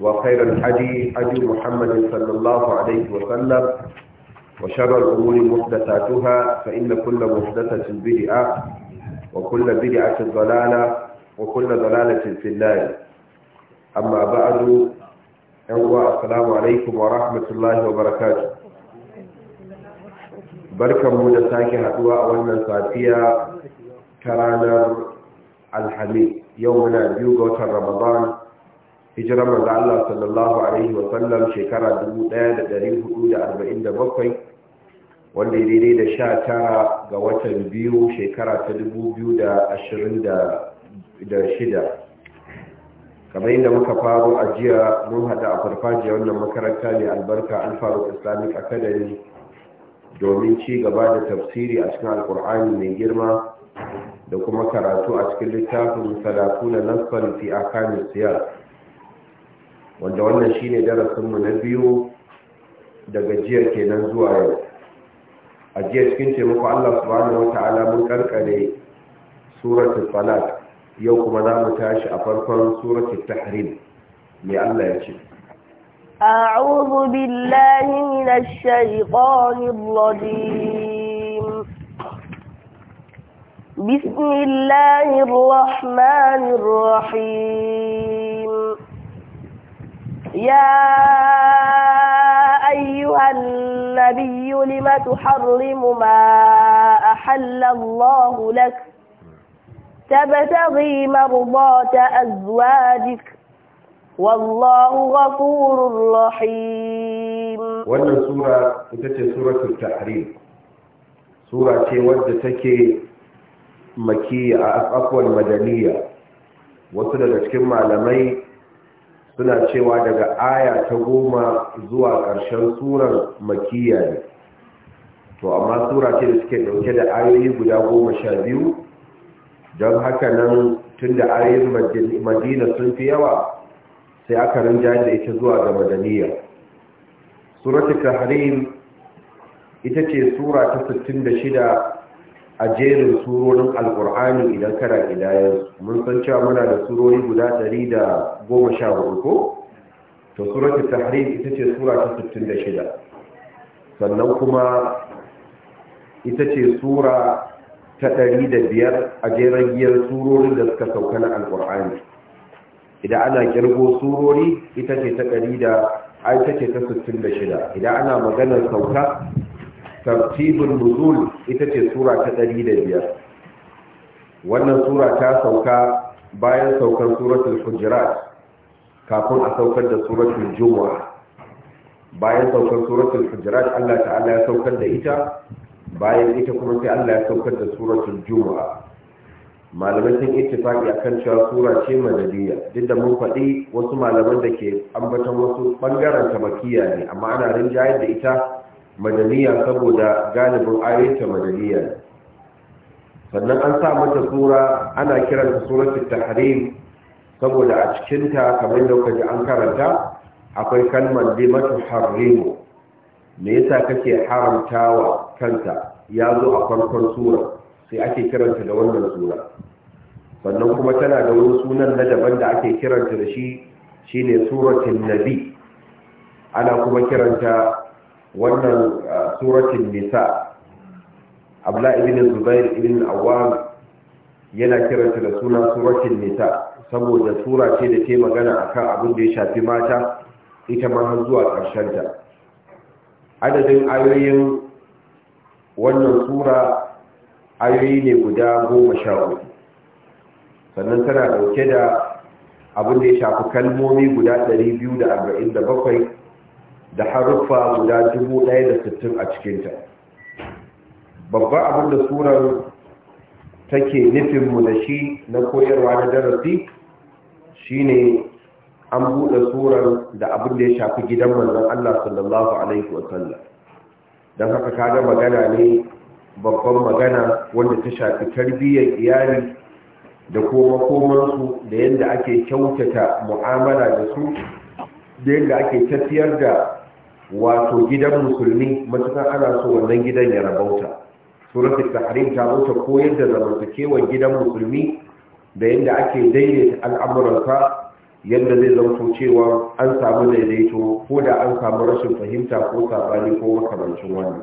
وخير الحدي حدي محمد صلى الله عليه وسلم وشر الأمور محدثاتها فإن كل محدثة بدعة وكل بدعة ضلالة وكل ضلالة في النار أما بعد أهو السلام عليكم ورحمة الله وبركاته بركة مدساك هدوء أولنا ساتية كرانا الحميد يومنا بيوغوة رمضان hijirar manzo Allah sallallahu alaihi wa sallam shekara 1447 wanda ya daidai da 19 ga watan biyu shekara ta 2026 kamar yadda muka faru a jiya mun hada a farfajiya wannan makaranta ne albarka alfaru islamic academy domin ci gaba da tafsiri a cikin alkur'ani mai girma da kuma karatu a cikin littafin salatu na nasfar fi akamin siyar wanda wannan shine darasinmu na biyu daga jiya kenan zuwa yau a jiya cikin taimako Allah subhanahu wata'ala mun karkare suratul salat yau kuma za mu tashi a farkon suratul tahrim mai Allah ya ce أعوذ بالله من الشيطان الرجيم بسم الله الرحمن الرحيم يا أيها النبي لم تحرم ما أحل الله لك تبتغي مرضات أزواجك والله غفور رحيم وانا سورة انتتي سورة التحريم سورة تي ودى تكي مكية أفأقوى المدنية وصلت كما لمي suna cewa daga aya ta goma zuwa ƙarshen surar makiya ne to amma tura ce da suke dauke da ayoyi guda goma sha biyu don haka nan tun da ayoyin madina sun fi yawa sai aka rinja da ita zuwa ga madaniya suratul tahrim ita ce tura ta 66 a jerin surorin alkur'ani idan kara gidayen mun san cewa muna da surori guda 114 ko to suratu tahrim ita ce sura ta 66 sannan kuma ita ce sura ta 105 a jerin giyar surorin da suka sauka na alkur'ani idan ana kirgo surori ita ce ta 100 ita ce ta 66 idan ana maganar sauka tartibul nuzul ita ce sura ta 105 wannan sura ta sauka bayan saukar suratul hujurat kafin a saukar da suratul jumu'a bayan saukar suratul hujurat Allah ta'ala ya saukar da ita bayan ita kuma sai Allah ya saukar da suratul jumu'a malamai sun ittifaqi akan cewa sura ce madaniya duk da mun faɗi wasu malaman da ke ambaton wasu bangaren ta makiya ne amma ana rinjayar da ita madaniya saboda galibin ayyuka madaniya sannan an sa mata sura ana kiranta suratul tahrim saboda a cikinta kamar da kuka an karanta akwai kalmar limatu harrimu me yasa kake haramtawa kanta ya zo a farkon sura sai ake kiranta da wannan sura sannan kuma tana da wani sunan na daban da ake kiranta da shi shine suratul nabi ana kuma kiranta wannan suratul nisa abla ibn zubair ibn awam yana kiranta da suna suratul nisa saboda sura ce da ke magana akan abin da ya shafi mata ita ma har zuwa ƙarshen ta adadin ayoyin wannan sura ayoyi ne guda goma sha hudu sannan tana ɗauke da abin da ya shafi kalmomi guda 247 da haruffa guda 1060 a cikinta babban abin da surar take nufinmu da shi na koyarwa na darasi shine an buɗe surar da abin da ya shafi gidan na Allah sallallahu alaihi wasallam don haka kaga magana ne babban magana wanda ta shafi tarbiyyar iyali da koma komansu da yadda ake kyautata mu'amala da su da yadda ake tafiyar da wato gidan musulmi matukan ana so wannan gidan ya rabauta suratul tahrim ta bauta koyar da zamantakewar gidan musulmi da yadda ake daidaita al'amuransa yadda zai zamto cewa an samu daidaito ko da an samu rashin fahimta ko sabani ko makamancin wannan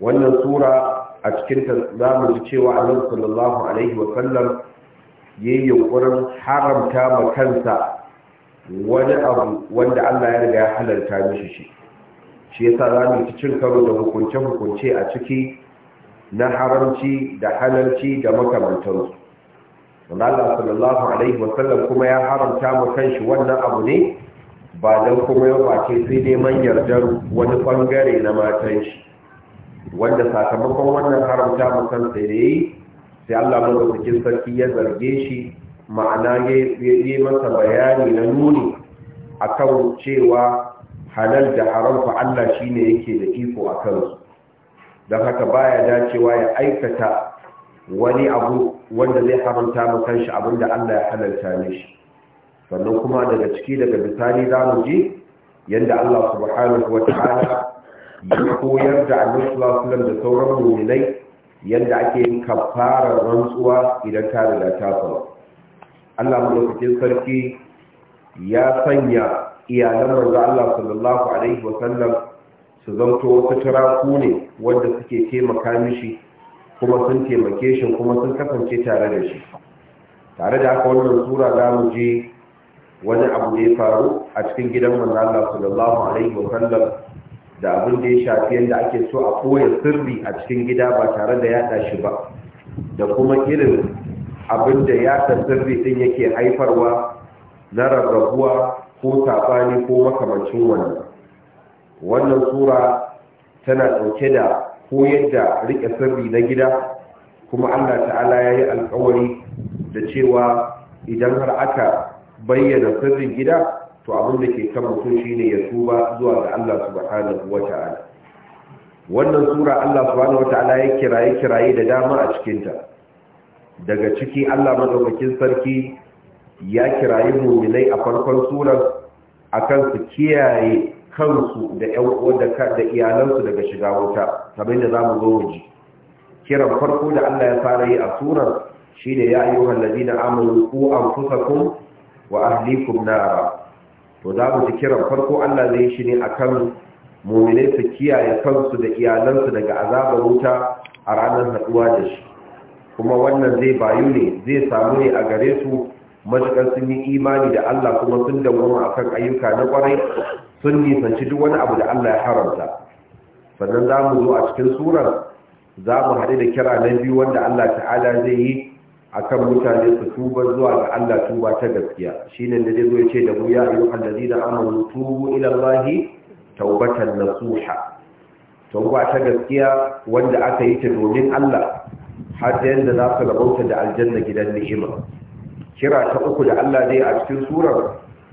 wannan sura a cikinta za mu ji cewa annabi sallallahu alaihi wa sallam yayi yunkurin haramta ma kansa wani abu wanda Allah ya riga ya halarta mishi shi shi yasa za mu ci cin karo da hukunce-hukunce a ciki na haramci da halarci da makamantansu wanda Allah sallallahu alaihi sallam kuma ya haramta mu kanshi wannan abu ne ba don kuma ya bace sai dai neman yardar wani bangare na matan shi wanda sakamakon wannan haramta mu kan sai dai sai Allah cikin sarki ya zarge shi ma'ana ya yi masa bayani na nuni akan cewa halal da haram fa Allah shine yake da iko a kansu don haka baya dacewa ya aikata wani abu wanda zai haramta mu shi abinda Allah ya halalta mishi sannan kuma daga ciki daga bisani za mu ji yadda Allah subhanahu wata'ala ya koyar da annabi sallallahu da sauran mu'minai yadda ake yin kafarar rantsuwa idan ta riga ta faru Allah madaukakin sarki ya sanya iyalan manzo Allah sallallahu alaihi wa sallam su zanto wasu taraku ne wanda suke taimaka mishi kuma sun taimake shi kuma sun kasance tare da shi tare da haka wannan sura za mu je wani abu da ya faru a cikin gidan manzo Allah sallallahu alaihi wa sallam da abin da ya shafi yadda ake so a koya sirri a cikin gida ba tare da yada shi ba da kuma irin da ya tasirri din yake haifarwa na rarrabuwa ko saɓani ko makamancin wannan wannan sura tana ɗauke da ko yadda riƙe sirri na gida kuma allah ta'ala ya yi alkawari da cewa idan har aka bayyana sirrin gida to abin da ke kan mutum shine ya tuba zuwa ga allah subhanahu wa ta'ala wannan sura allah subhanahu wa ta'ala ya kiraye kiraye da dama a cikinta daga ciki Allah madaukakin sarki ya kirayi muminai a farkon surar akan su kiyaye kansu da ƴan uwa da iyalansu daga shiga wuta kamar da zamu zo mu ji kiran farko da Allah ya fara yi a surar shine ya ayyuhal ladina amanu qu anfusakum wa ahlikum nar to da mu kiran farko Allah zai shi ne akan muminai su kiyaye kansu da iyalansu daga azabar wuta a ranar haduwa da shi kuma wannan zai bayu ne zai samu ne a gare su matuƙar sun yi imani da Allah kuma sun dawoma akan ayyuka na kwarai sun nisanci duk wani abu da Allah ya haramta sannan za mu zo a cikin surar za mu haɗu da kira na biyu wanda Allah ta'ala zai yi akan mutane su tuba zuwa ga Allah tuba ta gaskiya shine da zai zo ya ce da mu ya ayyuhal ladina amanu tubu ilallahi taubatan nasuha tauba ta gaskiya wanda aka yi ta domin Allah har da yadda za su da aljanna gidan ni'ima kira ta uku da Allah zai a cikin surar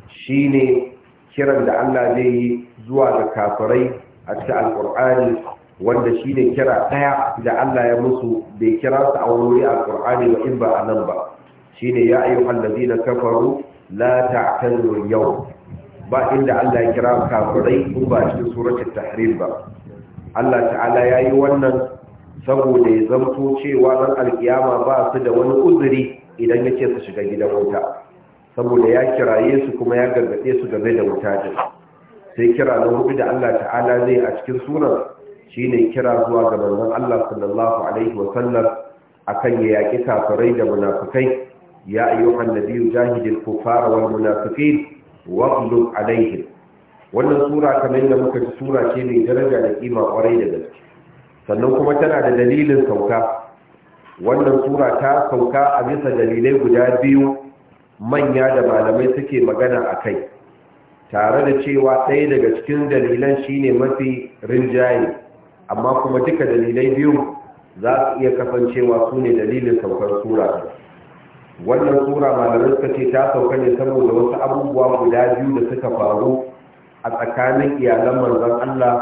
shine kiran da Allah zai yi zuwa ga kafirai a cikin alkur'ani wanda shine kira ɗaya da Allah ya musu bai kira su a wuri alkur'ani ba in ba a nan ba shine ya ayyuhal na kafaru la ta'tazuru yau ba inda Allah ya kira kafirai ko ba cikin suratul tahrim ba Allah ta'ala yayi wannan saboda ya zamto cewa ran alkiyama ba su da wani uzuri idan ya ce su shiga gidan wuta saboda ya kiraye su kuma ya gargaɗe su game da wuta din sai kira na hudu da Allah ta'ala zai a cikin sunan shine kira zuwa ga manzon Allah sallallahu alaihi wa sallam akan ya yaki kafirai da munafikai ya ayyuhan nabiyyu jahidil kuffara wal munafiqin waghlub alaihim wannan sura kamar da muka ci sura ce mai daraja da kima kwarai da gaske sannan kuma tana da dalilin sauka wannan tura ta sauka a bisa dalilai guda biyu manya da malamai suke magana a kai tare da cewa ɗaya daga cikin dalilan shine mafi rinjaye amma kuma duka dalilai biyu za su iya kasancewa su ne dalilin saukar tura wannan tura malamai suka ce ta sauka ne saboda wasu abubuwa guda biyu da suka faru a tsakanin iyalan manzon Allah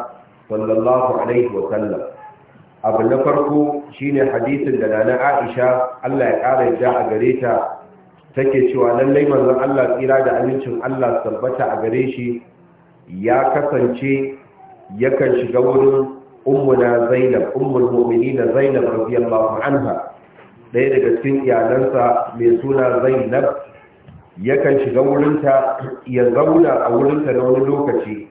sallallahu alaihi wa abu na farko shine hadisin da nana Aisha Allah ya kara ja a gare ta take cewa lallai manzon Allah tsira da amincin Allah tabbata a gare shi ya kasance yakan shiga wurin ummuna Zainab ummul mu'minin Zainab radiyallahu anha ɗaya daga cikin iyalansa mai suna Zainab yakan shiga wurinta ya zauna a wurinta na wani lokaci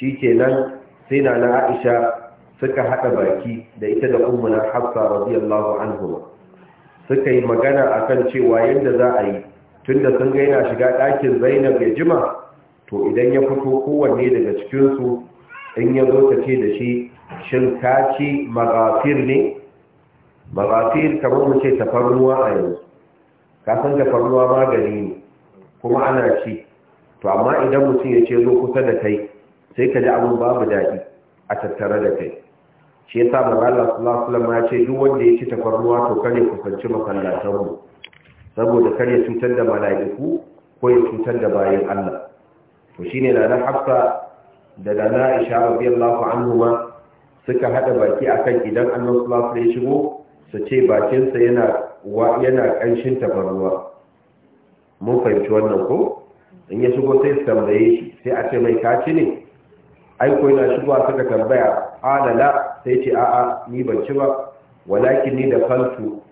shikenan sai nana na Aisha suka haɗa baki da ita da ummuna hafsa radiyallahu anhu suka yi magana a kan cewa yadda za a yi tunda sun ga shiga ɗakin zainab ya jima to idan ya fito kowanne daga cikinsu in ya zo da shi shin ka ci magafir ne magafir kamar mu ce tafarnuwa a yanzu ka san tafarnuwa magani ne kuma ana ci to amma idan mutum ya ce zo kusa da kai sai ka ji abin babu daɗi a tattare da kai shi yasa manzo Allah sallallahu ya ce duk wanda ya ci tafarnuwa to kare kusanci mu saboda kare cutar da mala'iku ko ya cutar da bayan Allah to shine da na Hafsa da da na Aisha radiyallahu anhuma suka hada baki akan idan Allah sallallahu alaihi ya shigo su ce bakin sa yana yana kanshin tafarnuwa mun fahimci wannan ko in ya shigo sai su tambaye shi sai a ce mai kaci ne ai ko yana shigowa suka tambaya la. sai ce a'a ni ban ci ba walakin ni da kaltu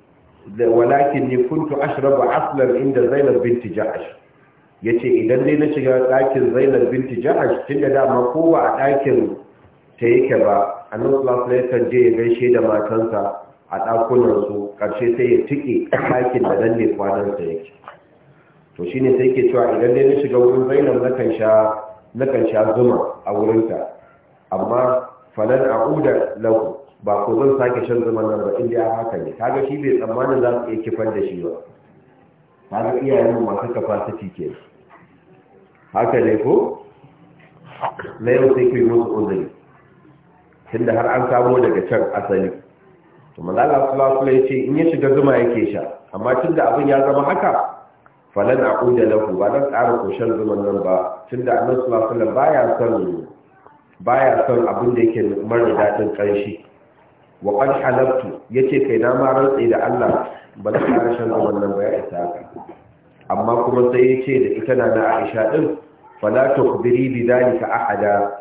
walakin ni kuntu ashraba aslan inda zainab binti ja'ash yace idan dai na shiga ɗakin zainab binti ja'ash da dama ko ba a ɗakin ta yake ba annabi sallallahu alaihi wasallam je ya gaishe da matansa a ɗakunansu, su ƙarshe sai ya tike ɗakin da danne ne kwanan sa yake to shine sai yake cewa idan dai na shiga wurin zainab na kan sha na kan sha zuma a wurinta amma falan a'uda lahu ba ku zan sake shan zuman nan ba inda ya haka ne kaga shi bai tsammanin za su iya kifar da shi ba kaga iyayen masu su ke haka ne ko na yau sai ku yi musu uzuri tunda har an samo daga can asali to manzala sallallahu ya ce in ya shiga zuma yake sha amma tunda abin ya zama haka falan aquda lahu ba ƙara ko shan zuman nan ba tunda annabi sallallahu alaihi wasallam baya son baya son abin da yake mara daɗin ƙarshe wa ƙan halartu ya ce kai na ma rantse da Allah ba na ƙarshen da wannan ba ya isa ka amma kuma sai ya ce da ita na na Aisha ɗin falata ta kubiri bi dalika ahada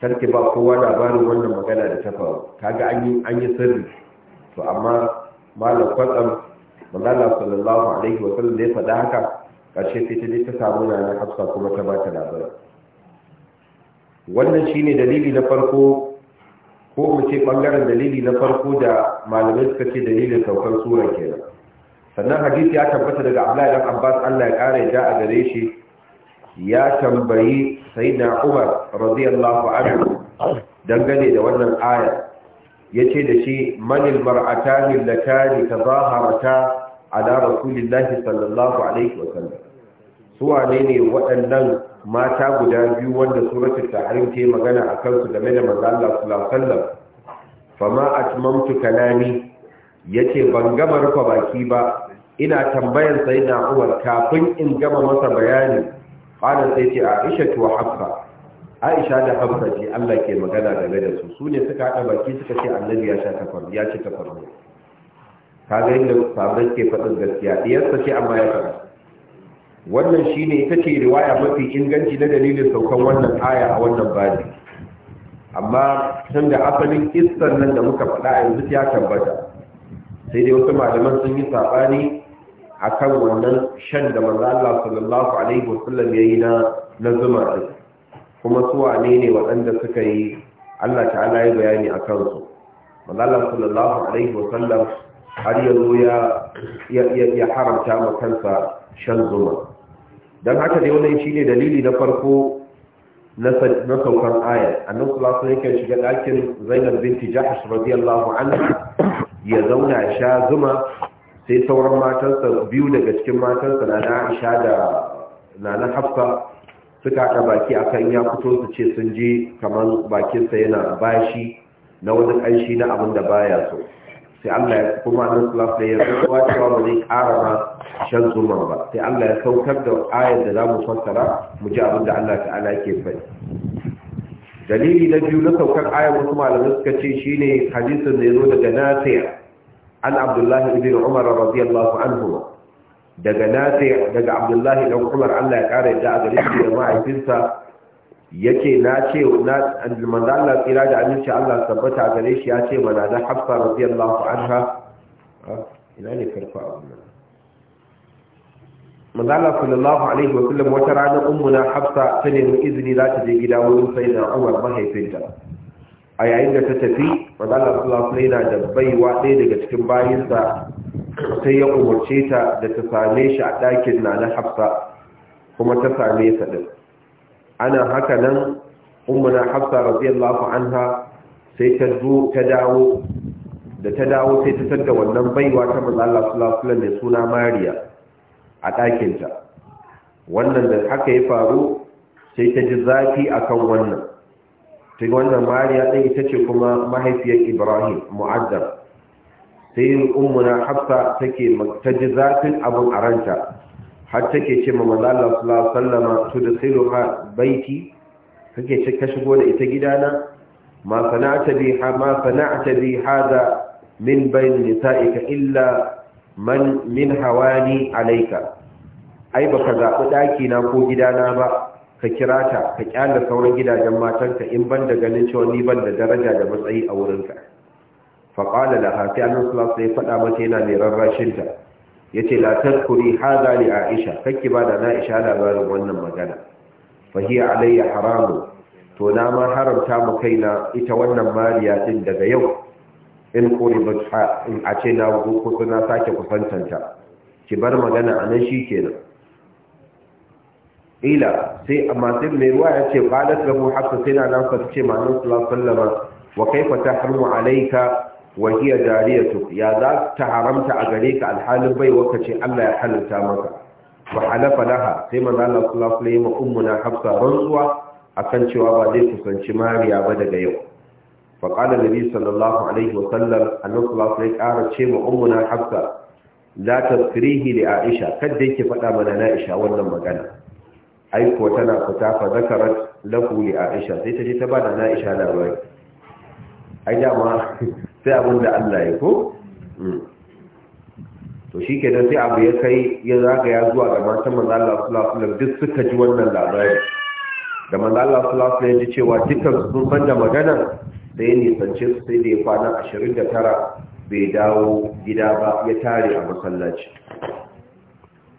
tarki ba kowa labarin wannan magana da ta faru kaga an yi an yi sirri to amma malam kwatsam manzala sallallahu alaihi wa sallam ya faɗa haka ƙarshe sai ta samu ta samu na Hafsa kuma ta ba ta labarin wannan shi ne dalili na farko ko mu ce ɓangaren dalili na farko da malamai suka ce dalilin saukar ke kenan sannan hadisi ya tabbata daga Abdullahi dan Abbas Allah ya ƙara ya a gare shi ya tambayi na Umar radiyallahu anhu dangane da wannan aya ce da shi manil mar'atani latani tazaharata ala rasulillahi sallallahu alaihi wasallam su wanene ne waɗannan mata guda biyu wanda suratul ta'arim ta yi magana a kansu game da manzo Allah sallallahu alaihi wasallam fama atmamtu kalami yace ban gama rufe baki ba ina tambayar na Umar kafin in gama masa bayani qala sai ce Aisha wa Hafsa Aisha da Hafsa ce Allah ke magana game da su sune suka hada baki suka ce Annabi ya sha kafar ya ci kafar kaga inda sahabbai ke faɗin gaskiya diyarsa ce amma ya wannan shine ita ce riwaya mafi inganci na dalilin saukan wannan aya a wannan babi amma tun da asalin kissan nan da muka faɗa a yanzu ya tabbata sai dai wasu malaman sun yi saɓani a kan wannan shan da manzo Allah sallallahu alaihi wasallam ya yi na na zuma kuma su wane ne waɗanda suka yi Allah ta'ala ya bayani a kansu manzo Allah sallallahu alaihi wasallam har yanzu ya ya haramta ma kansa shan zuma don haka dai wannan shine dalili na farko na saukan ayar annan sulasun yake shiga dakin zainab binti jahash radiyallahu anha ya zauna sha zuma sai sauran matansa biyu daga cikin matansa na na aisha da na na hafsa suka haɗa baki akan ya fito su ce sun je kamar bakinsa yana bashi na wani ƙanshi na abin da baya so sai Allah ya kuma annabi sallallahu ya kowa cewa ba zai ƙara ma shan zuma ba sai Allah ya saukar da ayar da zamu fassara mu ji abin da Allah ta'ala yake faɗi dalili na biyu na saukar ayar wasu malamai suka ce shine hadisin da ya zo daga Nafi' an Abdullahi ibn Umar radiyallahu anhu daga Nafi' daga Abdullahi ibn Allah ya ƙara yadda a gare da mahaifinsa Yake na ce na manzo Allah tsira da aminci Allah tabbata gare shi ya ce mana da Hafsa radiyallahu anha ah, ina ne karfa abun nan manzo Allah sallallahu alaihi wa sallam wata rana ummuna Hafsa ta nemi izini za ta je gida wurin sayyidina Umar mahaifinta a yayin da ta tafi manzo Allah sallallahu alaihi wa sallam da baiwa ɗaya daga cikin bayinsa sai ya umarce ta da ta same shi a ɗakin na na Hafsa kuma ta same sa din ana haka nan ummuna hafsa radiyallahu anha sai ta dawo da ta dawo sai ta tada wannan baiwa ta manzo Allah sallallahu alaihi wasallam mai suna Mariya a ɗakin ta wannan da haka ya faru sai ta ji zafi akan wannan ta wannan Mariya ɗin ita ce kuma mahaifiyar Ibrahim mu'addab sai ummuna hafsa take ta ji zafin abun aranta har take ce ma manzo Allah sallallahu alaihi wasallama tudkhiluha baiti kake ce ka shigo da ita gidana ma sana'ta biha ma sana'ta bi hada min bayn nisa'ika illa man min hawani alayka ai baka zabi daki na ko gidana ba ka kira ta ka kyalla sauran gidajen matanka in ban da ganin cewa ni ban da daraja da matsayi a wurinka ka qala laha sai annabi sallallahu alaihi wasallam ya faɗa mata yana mai rarrashin ta yace la tadkuri hadha li aisha kake ba da na'isha labarin wannan magana fa hiya alayya haramu to na ma haramta mu kaina ita wannan mariya din daga yau in quribat in a ce na ko na sake kusantanta ki bar magana anan shikenan ila sai amma sai mai ruwa ya ce da lahu hafsa sai na nan fa ce manzo sallallahu alaihi wa kaifa tahrumu alaika. dariya dariyatu ya za ta haramta a gare ka alhalin bai ce Allah ya halitta maka wa halafa laha sai manzo Allah sallallahu alaihi wa ummuna hafsa rantsuwa akan cewa ba zai kusanci mariya ba daga yau fa qala nabi sallallahu alaihi wa sallam annabi sallallahu alaihi wa ce ma ummuna hafsa la tazkirihi li aisha kada yake faɗa mana na aisha wannan magana aiko tana fita fa zakarat lahu li aisha sai ta je ta bada na aisha labari ai dama sai abin da Allah ya ko mm. to shi ke sai abu ya kai ya ya zuwa ga matan manzan sulasulam duk suka ji wannan labari da manzan sulasulam ya ji cewa dukkan sun da magana sai ya nisance su sai da ya kwana ashirin da tara bai dawo gida ba ya tare a masallaci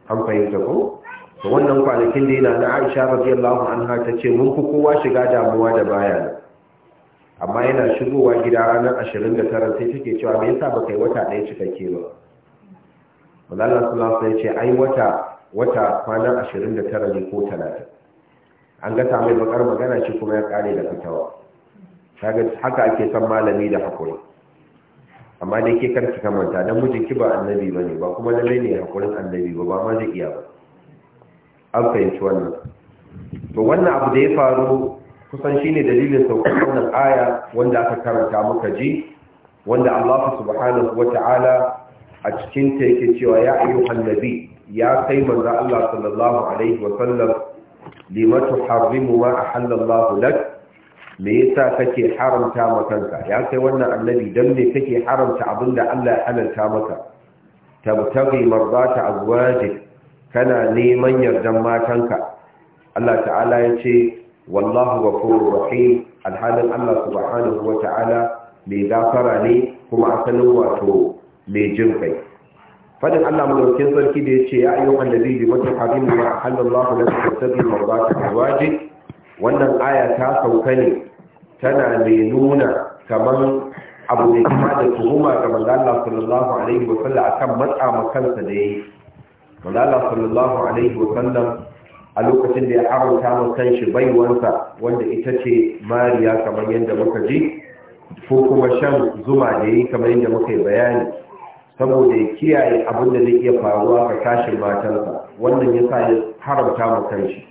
an fahimta ko wannan kwanakin da yana na Aisha radiyallahu anha ta ce mun kowa shiga damuwa da baya amma yana shigowa gida ranar ashirin da tara, sai take cewa me yasa baka yi wata ɗaya ke ba Malala sallallahu alaihi ce ai wata wata da tara ne ko talatin. an ga mai bakar magana shi kuma ya kare da fitawa kaga haka ake san malami da hakuri amma da ke karki kamanta dan mijinki ba annabi bane ba kuma lalle ne hakurin annabi ba ba ma zai iya ba an fahimci wannan to wannan abu da ya faru kusan shine dalilin saukar aya wanda aka karanta muka ji wanda Allah subhanahu ta'ala a cikin ta yake cewa ya ayyuhan nabi ya kai manzo Allah sallallahu alaihi wa sallam lima tuharrimu ma ahalla Allah lak me yasa kake haramta makanka ya kai wannan annabi dan me kake haramta abinda Allah ya halalta maka tabtaghi mardata azwajik kana neman yardan matanka Allah ta'ala ya ce wallahu ghafurur rahim alhalin Allah subhanahu wata'ala mai gafara ne kuma asalin wato mai jin kai fadin Allah madaukakin sarki da yace ya ayyuhan ladhi bi matahharin ma halallahu lakum tabi marbata azwajik wannan aya ta sauka ne tana mai nuna kaman abu ne kuma da tuhuma ga manzala sallallahu alaihi wasallam akan matsa makansa da yayi manzala sallallahu alaihi wasallam a lokacin da ya haramta mu kanshi baiwansa wanda ita ce mariya kamar yadda muka ji ko kuma shan zuma da yi kamar yadda muka yi bayani saboda ya kiyaye abin da zai iya faruwa ga tashin matansa wannan ya sa ya haramta mu kanshi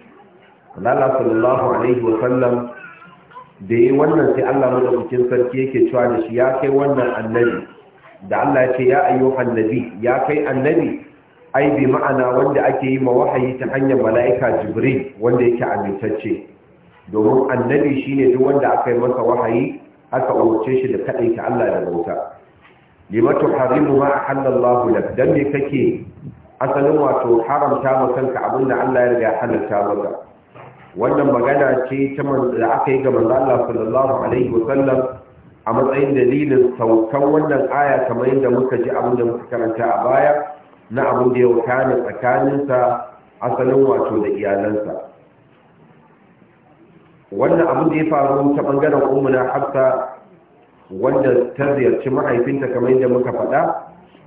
Allah sallallahu alaihi wa sallam da yi wannan sai Allah madaukakin sarki yake cewa da shi ya kai wannan annabi da Allah ya ce ya ayyuhan nabi ya kai annabi ai bi ma'ana wanda ake yi ma wahayi ta hanyar mala'ika jibril wanda yake amintacce domin annabi shine duk wanda aka yi masa wahayi aka umarce shi da kaɗai ta Allah da bauta limatu harimu ma halallahu lak dan me kake asalin wato haramta ma kanka abinda Allah ya riga halalta maka wannan magana ce ta da aka yi ga manzo Allah sallallahu alaihi wasallam a matsayin dalilin saukan wannan aya kamar yadda muka ji abinda muka karanta a baya na abin da ya wakana tsakaninsa asalin wato da iyalansa wannan abin da ya faru ta bangaren umuna hafsa wanda ta ziyarci mahaifinta kamar yadda muka faɗa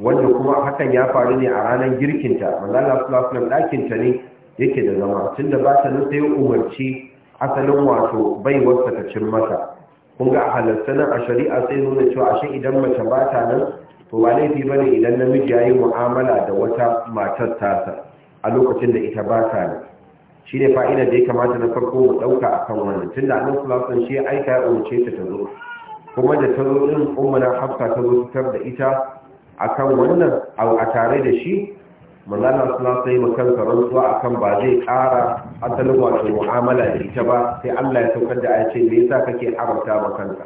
wanda kuma hakan ya faru ne a ranar girkinta manzala sulasulan ɗakinta ne yake da zama tun da ba ta sai umarci asalin wato baiwarsa ta cin mata kun ga a halarta nan a shari'a sai nuna cewa ashe idan mace ba ta nan to ba laifi bane idan namiji yayi mu'amala da wata matar tasa a lokacin da ita ba ta ne shine fa'ida da ya kamata na farko mu a kan wannan tunda annabi sallallahu alaihi wasallam shi aika ya umce ta tazo kuma da tazo din ummuna hafsa ta zo da ita akan wannan a tare da shi manzana suna sai makansa rantsuwa akan ba zai ƙara asalin wato mu'amala da ita ba sai Allah ya saukar da a ce me yasa kake haramta kanka.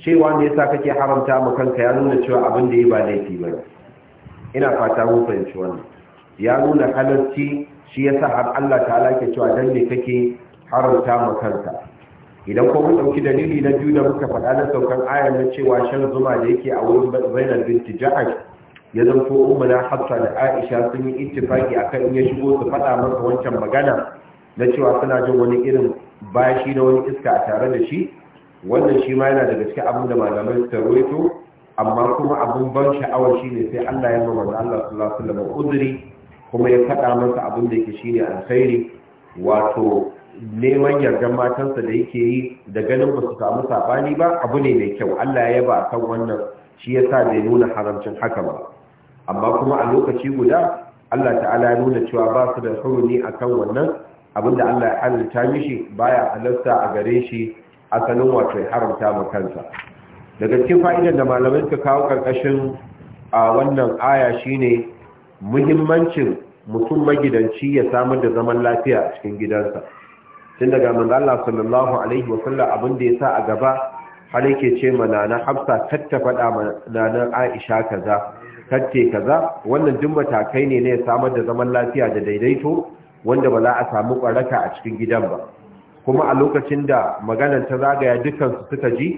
cewa ne yasa kake haramta mu kanka ya nuna cewa abin da yi ba laifi ba ina fata mun fahimci wannan ya nuna halarci shi yasa har Allah ta'ala ke cewa dan ne kake haramta mu kanka idan ko mun dauki dalili na biyu da muka faɗa na saukan ayar na cewa shan zuma da yake a wurin Zainab binti Ja'ash ya zanto na Hafsa da Aisha sun yi ittifaki akan in ya shigo su faɗa masa wancan magana na cewa suna jin wani irin bashi na wani iska tare da shi wannan shi ma yana daga cikin abin da malamai suka rawaito amma kuma abin ban sha'awa shine sai Allah ya mamma da Allah sallallahu alaihi wasallam udri kuma ya faɗa masa abin da yake shine alkhairi wato neman yardan matansa da yake yi da ganin ba su samu saɓani ba abu ne mai kyau Allah ya yaba kan wannan shi yasa bai nuna haramcin haka ba amma kuma a lokaci guda Allah ta'ala ya nuna cewa ba su da hurumi akan wannan abinda Allah ya halitta mishi baya halarta a gare shi asalin wato ya haramta ma kansa daga cikin fa'idar da malamai suka kawo karkashin a wannan aya shine muhimmancin mutum magidanci ya samar da zaman lafiya a cikin gidansa tun daga manzo Allah sallallahu alaihi wa sallam abin da yasa a gaba har yake ce mana na Hafsa tatta fada mana na Aisha kaza tatte kaza wannan duk matakai ne ne ya samar da zaman lafiya da daidaito wanda ba za a samu ƙaraka a cikin gidan ba kuma a lokacin da maganar ta zagaya dukansu suka ji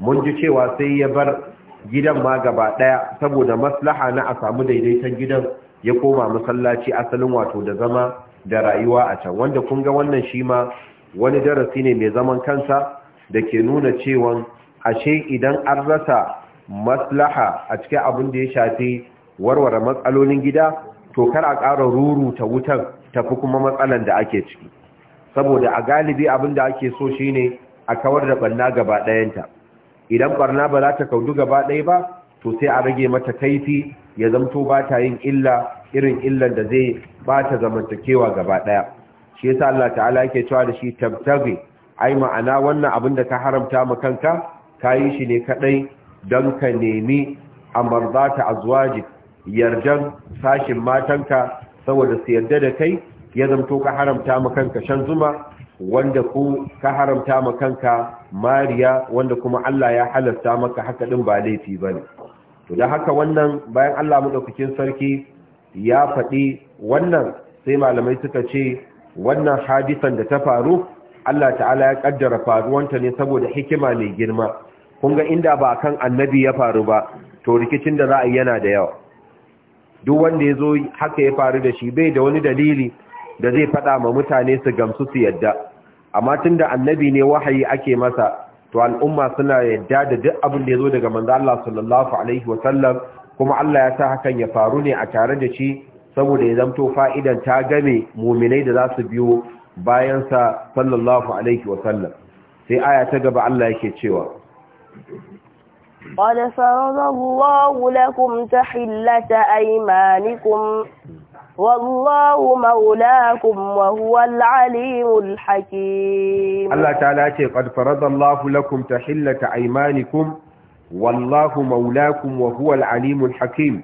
mun ji cewa sai ya bar gidan ma gaba daya saboda maslaha na a samu daidaitan gidan ya koma masallaci asalin wato da zama da rayuwa a can wanda kun ga wannan shi ma wani darasi ne mai zaman kansa da ke nuna cewa ashe idan an rasa maslaha a cikin abin da ya shafi warware matsalolin gida to kar a ƙara ruruta wutan tafi kuma matsalan da ake ciki saboda a galibi abin da ake so shi ne a kawar da barna gaba ɗayanta idan ɓarna ba za ta kaudu gaba ɗaya ba to sai a rage mata kaifi ya zamto ba ta yin illa irin illan da zai ba ta zamantakewa gaba ɗaya shi yasa Allah ta'ala yake cewa da shi tabtabi ai ma'ana wannan abin da ka haramta ma kanka ka yi shi ne kadai don ka nemi amarzata azwajik yardan sashin matanka saboda su yarda da kai ya zamto ka haramta ma shan zuma wanda ku ka haramta makanka mariya wanda kuma Allah ya halarta maka haka din ba laifi bane to da haka wannan bayan Allah madaukakin sarki ya faɗi wannan sai malamai suka ce wannan hadisan da ta faru Allah ta'ala ya kaddara faruwanta ne saboda hikima mai girma kun ga inda ba kan annabi ya faru ba to rikicin da za a yana da yawa duk wanda ya zo haka ya faru da shi bai da wani dalili da zai faɗa ma mutane su gamsu su yadda amma tunda annabi ne wahayi ake masa to al'umma suna yadda da duk abin da ya zo daga manzo Allah sallallahu alaihi kuma Allah ya sa hakan ya faru ne a tare da shi saboda ya zamto fa'idan ta game muminai da za su biyo bayan sallallahu alaihi wasallam sai aya ta gaba Allah yake cewa قد فرض الله لكم تحلة أيمانكم wallahu maulakum wa huwa al'alimul hakim Allah ta'ala ce qad farada Allahu lakum tahillata kum. wallahu maulakum wahuwal huwa al'alimul hakim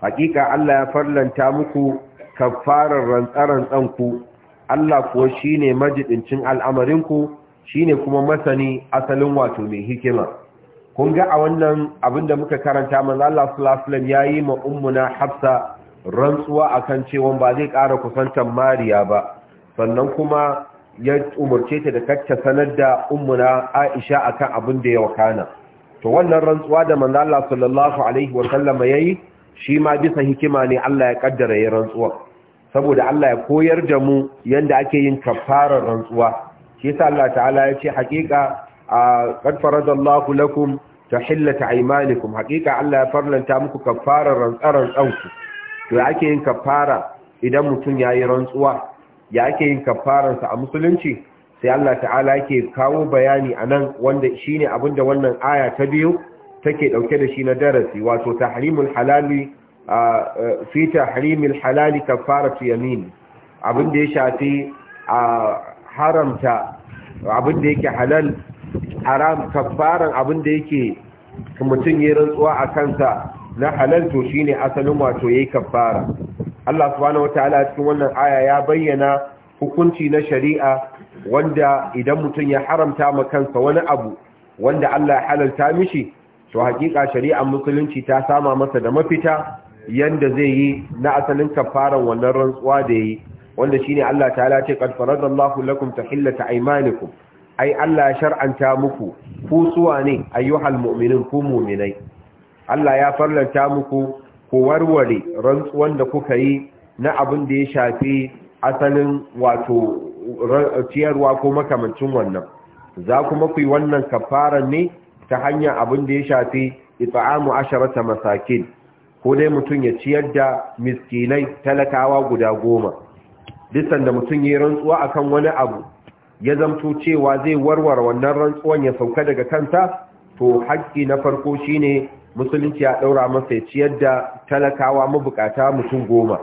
hakika Allah ya farlanta muku kafarar rantsaran ku. Allah kuwa shine majidincin al'amarinku shine kuma masani asalin wato mai hikima kun ga a wannan abin da muka karanta manzo Allah ya yi wasallam yayi ma ummuna Hafsa rantsuwa akan cewa ba zai ƙara kusantar mariya ba sannan kuma ya umarce ta da kacce sanar da ummuna aisha akan abin da ya wakana to wannan rantsuwa da manzo Allah sallallahu alaihi wa sallama yayi shi ma bisa hikima ne Allah ya kaddara ya rantsuwa saboda Allah ya koyar da mu yanda ake yin kafarar rantsuwa shi yasa Allah ta'ala ya ce haƙiƙa qad faradallahu lakum tahillata aymanikum haƙiƙa Allah ya farlanta muku kafarar rantsaran ku. to ya ake yin kafara idan mutum ya yi rantsuwa ya ake yin kafararsa a musulunci sai Allah ta'ala yake kawo bayani a nan wanda shi ne abinda wannan aya ta biyu take ɗauke da shi na darasi wato tahrimul halali fi tahrimul halali kafaratu yamin abinda ya shafi a haramta abinda yake halal haram kafaran abinda yake mutum ya rantsuwa a kansa na halal shine asalin wato yayi kafara Allah subhanahu wataala cikin wannan aya ya bayyana hukunci na shari'a wanda idan mutum ya haramta ma kansa wani abu wanda Allah ya halalta mishi to hakika shari'ar musulunci ta sama masa da mafita yanda zai yi na asalin kafaran wannan rantsuwa da yi wanda shine Allah ta'ala ce qad faradallahu lakum tahillata aymanikum ai Allah ya shar'anta muku ku ne ayyuhal mu'minun ku mu'minai Allah ya farlanta muku ku warware rantsuwan da kuka yi na abin da ya shafi asalin wato ciyarwa ko makamancin wannan za kuma ku yi wannan kafaran ne ta hanyar abin da ya shafi ita'amu asharata masakin ko dai mutum ya ciyar da miskinai talakawa guda goma bisan da mutum ya yi rantsuwa akan wani abu ya zamto cewa zai warware wannan rantsuwan ya sauka daga kanta, to haƙƙi na farko shine musulunci ya ɗaura masa ya ciyar da talakawa mabukata mutum goma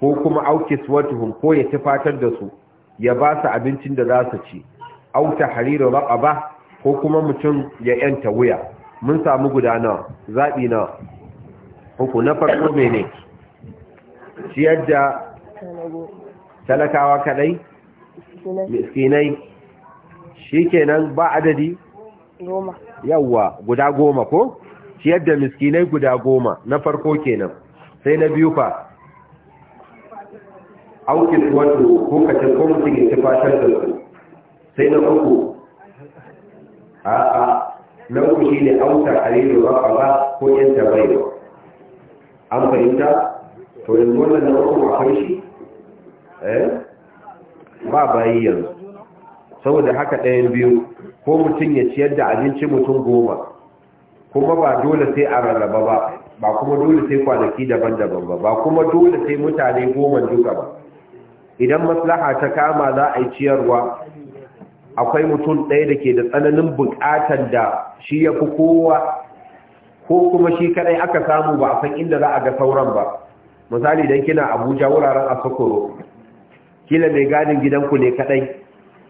ko kuma auke suwatuhum ko ya tufatar da su ya ba su abincin da za su ci auta hariru ba ko kuma mutum ya yanta wuya mun samu guda nawa zaɓi nawa Huku, na farko mene ciyar da talakawa kadai miskinai shikenan ba adadi goma yawwa guda goma ko ciyar da miskinai guda goma na farko kenan sai na biyu fa Aukis, wato ko ka ko mutum ya tafashar da su sai na uku a a na uku shi ne autar alilu rafa ba ko yan tabai an fahimta to yanzu wannan na uku akwai shi eh ba bayi yanzu saboda haka ɗayan biyu ko mutum ya ciyar da abinci mutum goma kuma ba dole sai a rarraba ba ba kuma dole sai kwanaki daban-daban ba ba kuma dole sai mutane goma duka ba idan maslaha ta kama za a yi ciyarwa akwai mutum ɗaya da ke da tsananin buƙatar da shi ya fi kowa ko kuma shi kaɗai aka samu ba a san inda za a ga sauran ba misali idan kina abuja wuraren a sokoro kila mai gadin gidanku ne kaɗai.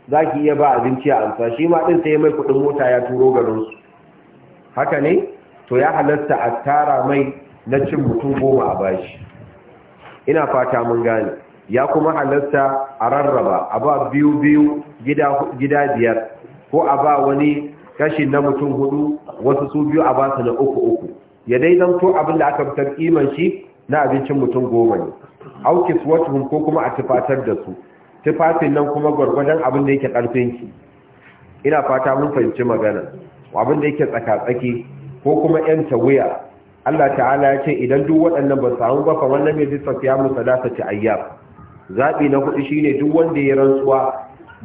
za ki iya ba abinci a amsa shi ma ɗin sai mai kuɗin mota ya turo garinsu haka ne to ya halatta a tara mai na cin mutum goma a bashi ina fata mun gane ya kuma halatta a rarraba a ba biyu biyu gida biyar ko a ba wani kashi na mutum hudu wasu su biyu a basu na uku uku ya dai zan to abin da aka fitar kiman shi na abincin mutum goma ne auki suwatuhun ko kuma a tufatar da su tufafin nan kuma gwargwadon abin da yake karfin ki ina fata mun fahimci magana abin da yake tsakatsaki ko kuma yan tawiya Allah ta'ala ya ce idan duk waɗannan ba samu ba fa wannan mai bisa ya musa da sace ayyab zabi na shi shine duk wanda ya rantsuwa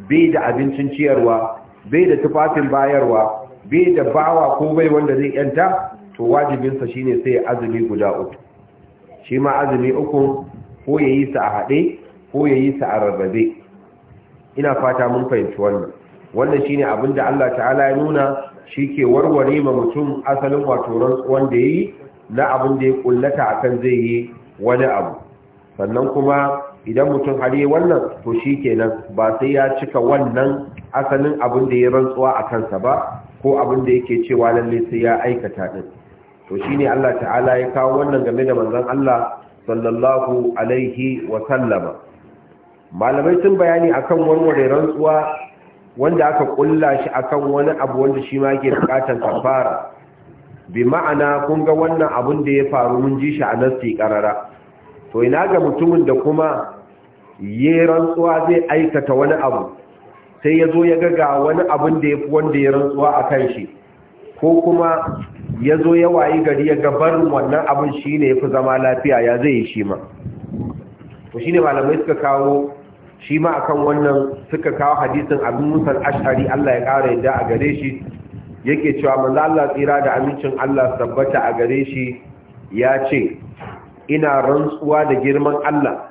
bai da abincin ciyarwa bai da tufafin bayarwa bai da bawa ko bai wanda zai yanta to wajibinsa shine sai azumi guda uku shi ma azumi uku ko yayi sa a haɗe ko yayi sa a rarrabe ina fata mun fahimci wannan wannan shine da Allah ta'ala ya nuna shi ke warware ma mutum asalin wato rantsuwan da ya yi na abin da ya kullata akan zai yi wani abu sannan kuma idan mutum har yi wannan to shi kenan ba sai ya cika wannan asalin abin da ya rantsuwa a kansa ba ko abin da yake cewa lalle sai ya aikata din to shine Allah ta'ala ya kawo wannan game da manzon Allah sallallahu alaihi wa malamai sun bayani akan warware rantsuwa wanda aka kulla shi akan wani abu wanda shi ma yake bukatar kafara bi ma'ana kun ga wannan abun da ya faru mun ji shi a nasti karara to ina ga mutumin da kuma ya rantsuwa zai aikata wani abu sai ya zo ya ga ga wani abun da ya fi wanda ya rantsuwa a kan shi ko kuma ya zo ya wayi gari ya gabar wannan abun shi ne ya fi zama lafiya ya zai yi shi ma to shi ne malamai suka kawo shi ma akan wannan suka kawo hadisin abin musal ashari Allah ya ƙara yadda a gare shi yake cewa manzo Allah tsira da amincin Allah tabbata a gare shi ya ce ina rantsuwa da girman Allah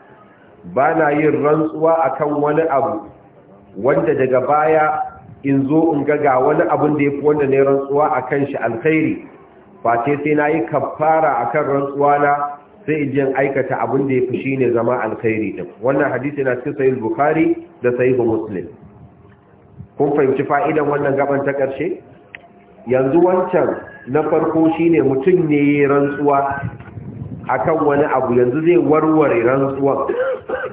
ba na yin rantsuwa akan wani abu wanda daga baya in zo in ga ga wani abun da ya fi wanda na yi rantsuwa akan shi alkhairi face sai na yi kafara akan kan rantsuwa na sai ijiyan aikata abin da ya fi ne zama alkhairi ɗin wannan hadisi na cikin sahih bukhari da sahih muslim kun fahimci fa'idan wannan gaban ta ƙarshe yanzu wancan na farko shine mutum ne ya rantsuwa akan wani abu yanzu zai warware rantsuwan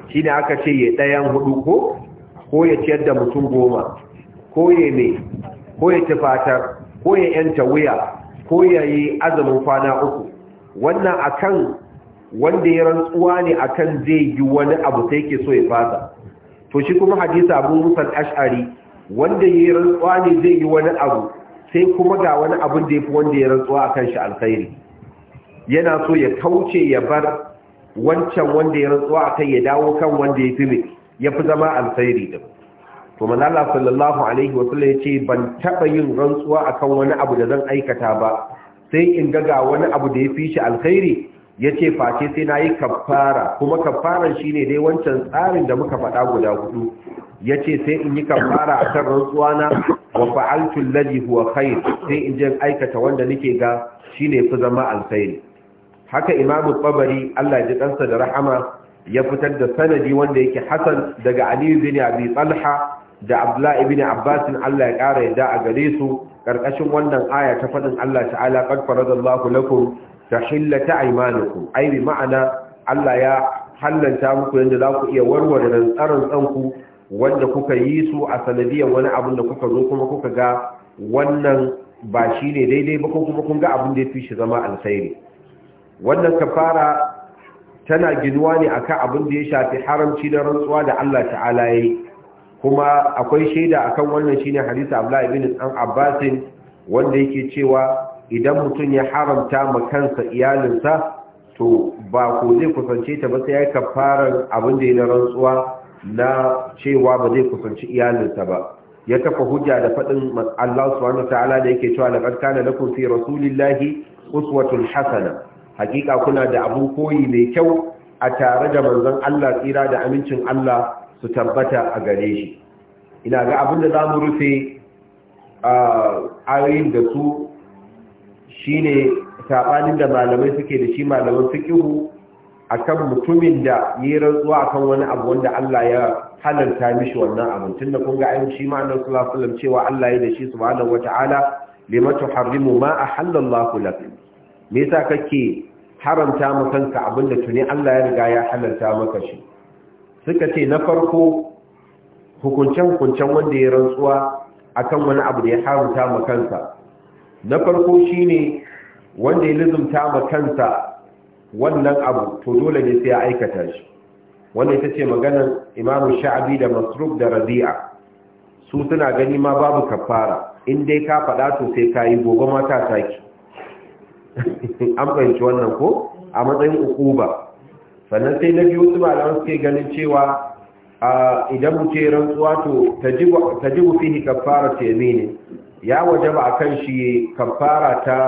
shine aka ce ya ɗayan hudu ko ko ya ciyar da mutum goma ko ya ne ko ya tufatar ko ya yanta wuya ko ya yi azumin kwana uku wannan akan wanda ya rantsuwa ne akan zai yi wani abu sai ke so ya fasa to shi kuma hadisi abu musan ash'ari wanda ya yi rantsuwa ne zai yi wani abu sai kuma ga wani abin da ya fi wanda ya rantsuwa akan shi alkhairi yana so ya kauce ya bar wancan wanda ya rantsuwa akan ya dawo kan wanda ya fi mai, ya fi zama alkhairi din to manala sallallahu alaihi wa sallam yace ban taɓa yin rantsuwa akan wani abu da zan aikata ba sai in ga ga wani abu da ya fi shi alkhairi ya ce face sai na yi kafara kuma kafaran shi ne dai wancan tsarin da muka faɗa guda hudu ya ce sai in yi kafara a kan rantsuwana wa fa'altun lalli huwa khair sai in jin aikata wanda nake ga shi ne fi zama alfairi haka imamu tsabari allah ji ɗansa da rahama ya fitar da sanadi wanda yake hasan daga aliyu bin abi talha da abdullahi ibn abbas allah ya ƙara yadda a gare su ƙarƙashin wannan aya ta faɗin allah ta'ala qad faradallahu lakum tahillata aymanukum ai bi ma'ana Allah ya hallanta muku yanda za ku iya warware rantsaran tsanku wanda kuka yi su a sanadiyar wani abin da kuka zo kuma kuka ga wannan ba shi ne daidai ba ko kuma kun ga abin da ya fi shi zama alkhairi wannan kafara tana ginuwa ne akan abin da ya shafi haramci da rantsuwa da Allah ta'ala yayi kuma akwai shaida akan wannan shine hadisi Abdullah ibn Abbas wanda yake cewa idan mutum ya haramta ma kansa iyalinsa to ba ko zai kusance ta ba sai ya kafarar abin da ya na rantsuwa na cewa ba zai kusanci iyalinsa ba ya kafa hujja da faɗin Allah subhanahu ta'ala da yake cewa laqad kana lakum fi rasulillahi uswatul hasana hakika kuna da abun koyi mai kyau a tare da manzon Allah tsira da amincin Allah su tabbata a gare shi ina ga abin da zamu rufe a ah, ayoyin da su Shi ne saɓanin da malamai suke da shi malaman a akan mutumin da yi rantsuwa akan wani abu wanda Allah ya halarta mishi wannan abin da kun ga ainihin shi ma'anar sulasulam cewa Allah ya da shi su subhanahu wataala lima tuharrimu ma a ahallallahu lak me yasa kake haramta mu kanka abin da tuni Allah ya riga ya halarta maka shi suka ce na farko hukuncen hukuncen wanda ya rantsuwa akan wani abu da ya haramta mu kansa na farko shi ne wanda ya lizumta ma kansa wannan abu to dole ne sai ya aikata shi wanda ita ce maganar imamu sha'abi da masruf da rabi'a su suna gani ma babu kafara in dai ka faɗa to sai ka yi gobe ma ta saki an fahimci wannan ko a matsayin ukuba sannan sai na biyu su malaman suke ganin cewa idan mu ce rantsuwa to ta jibu fi kafara ce ne ya wajaba kan shi kafara ta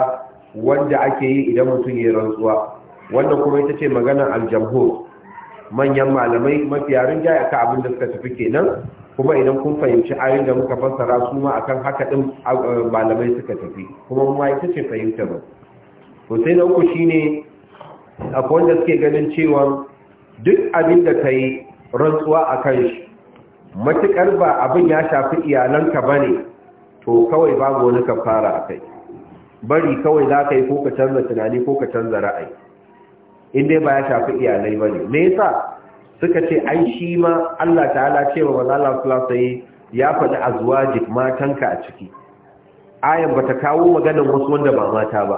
wanda ake yi idan mutum ya rantsuwa wanda kuma ita ce maganar aljamhur manyan malamai mafiya rinjaye akan abin da suka tafi kenan kuma idan kun fahimci ayoyin da muka fassara su ma akan haka din eh, malamai suka tafi kuma ma ita ce fahimta ba to sai na uku shine akwai wanda suke ganin cewa duk abin da kai rantsuwa akan shi matukar ba abin ya shafi iyalanka bane to kawai babu wani kafara a kai bari kawai za ka yi ko ka canza tunani ko ka canza ra'ayi in dai ba ya shafi iyalai ba ne me yasa suka ce ai shi ma Allah ta'ala ce wa manzo Allah sallallahu alaihi ya faɗi azwajik matanka a ciki ayan ta kawo maganar wasu wanda ba mata ba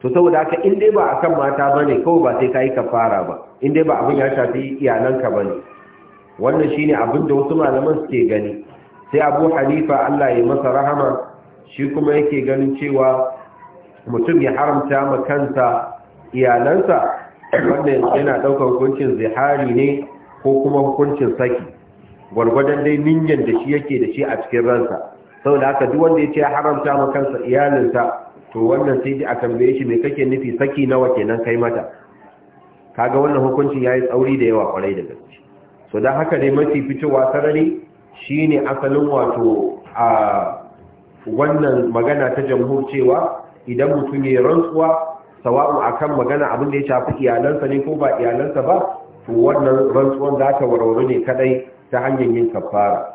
to saboda haka in dai ba akan mata bane kawai ba sai kai kafara ba in dai ba abin ya shafi iyalanka bane wannan shine abin da wasu malaman suke gani sai abu hanifa allah ya masa rahama shi kuma yake ganin cewa mutum ya haramta ma iyalansa wannan yana ɗaukar hukuncin zihari ne ko kuma hukuncin saki gwargwadon dai ninyan da shi yake da shi a cikin ransa sau haka duk wanda ya ce ya haramta ma kansa iyalinsa to wannan sai dai a tambaye shi me kake nufi saki nawa kenan kai mata kaga wannan hukuncin ya yi tsauri da yawa kwarai da gaske so don haka dai mafi fitowa sarari Shi ne asalin wato a wannan magana ta jamhur cewa idan mutum ya rantsuwa a akan magana abin da ya shafi iyalansa ne ko ba iyalansa ba to wannan rantsuwan za ta warware ne kadai ta hanyar yin kafara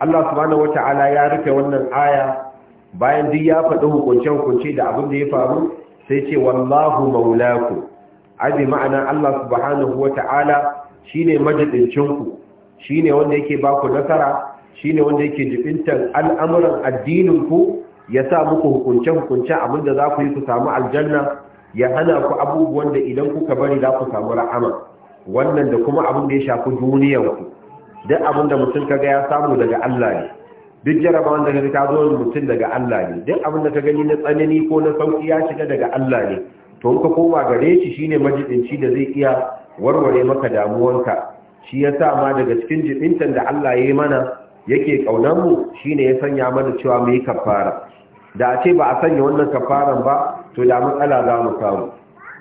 Allah subhanahu wata'ala ya rufe wannan aya bayan duk ya faɗi hukunce-hukunce da abin da ya faru sai ce wallahu maulaku azi ma'ana Allah subhanahu wata'ala shine majidincin ku Shi ne wanda yake ba ku nasara ne wanda yake jibintar al'amuran addininku ya sa muku hukunce hukunce abinda za ku yi ku samu aljanna ya hana ku abubuwan da idan kuka bari za ku samu ra'ama, wannan da kuma abin da ya shafi duniyarku. duk abin da mutum kaga ya samu daga Allah ne duk jarabawar da kaga ta zo mutum daga Allah ne duk abin da ka gani na tsanani ko na sauki ya shiga daga Allah ne to in ka koma gare shi shine majidinci da zai iya warware maka damuwanka shi ya sa ma daga cikin jibintan da Allah ya yi mana yake ƙaunanmu shi ne ya sanya mana cewa mu kafara da a ce ba a sanya wannan kafaran ba to da matsala za mu samu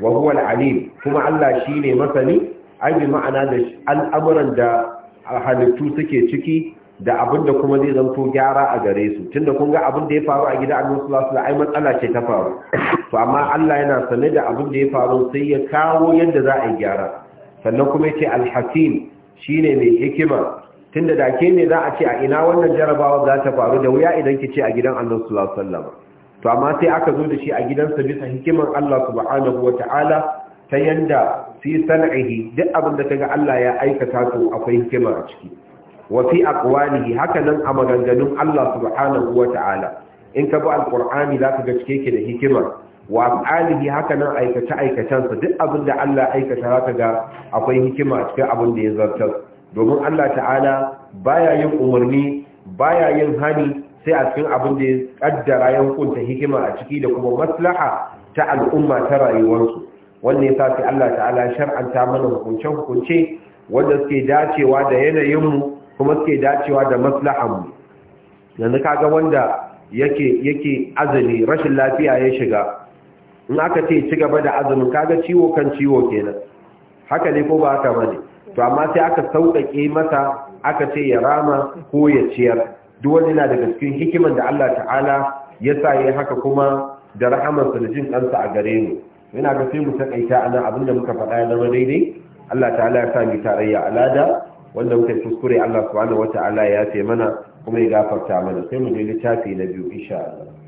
wa huwa al-alim kuma Allah shi ne masani ai ma'ana da al'amuran da halittu suke ciki da abin da kuma zai zanto gyara a gare su tunda kun ga abin da ya faru a gida annabi sallallahu alaihi wasallam ai matsala ce ta faru to amma Allah yana sane da abin da ya faru sai ya kawo yadda za a yi gyara sannan kuma yace al-hakim shine mai hikima tunda da ke ne za a ce a ina wannan jarabawa za ta faru da wuya idan ki ce a gidan Allah sallallahu alaihi wasallam to amma sai aka zo da shi a gidan sa bisa hikiman Allah subhanahu wataala ta yanda fi san'ihi duk abin da kaga Allah ya aikata to akwai hikima a ciki wa fi aqwalihi haka nan a maganganun Allah subhanahu wataala in ka bi alqur'ani zaka ga cike yake da hikima wa alihi haka nan aikace aikacensa duk abin da Allah aikata haka ga akwai hikima a cikin abin da ya zartar domin Allah ta'ala baya yin umarni baya yin hani sai a cikin abin da ya kaddara ya hukunta hikima a ciki da kuma maslaha ta al'umma ta rayuwarsu wannan yasa sai Allah ta'ala shar'anta mana hukunce hukunce wanda suke dacewa da yanayinmu kuma suke dacewa da maslahanmu yanzu kaga wanda yake yake azumi rashin lafiya ya shiga in aka ce ci gaba da azumin kaga ciwo kan ciwo kenan haka ne ko ba haka bane to amma sai aka sauƙaƙe masa aka ce ya rama ko ya ciyar duk wani na daga cikin hikiman da Allah ta'ala ya sa yi haka kuma da rahamarsa da jin kansa a gare mu yana ga sai mu taƙaita nan abin da muka faɗa ya zama daidai Allah ta'ala ya sami tarayya alada wanda muka kuskure Allah subhanahu wata'ala ya ce mana kuma ya gafarta mana sai mu je littafi na biyu insha Allah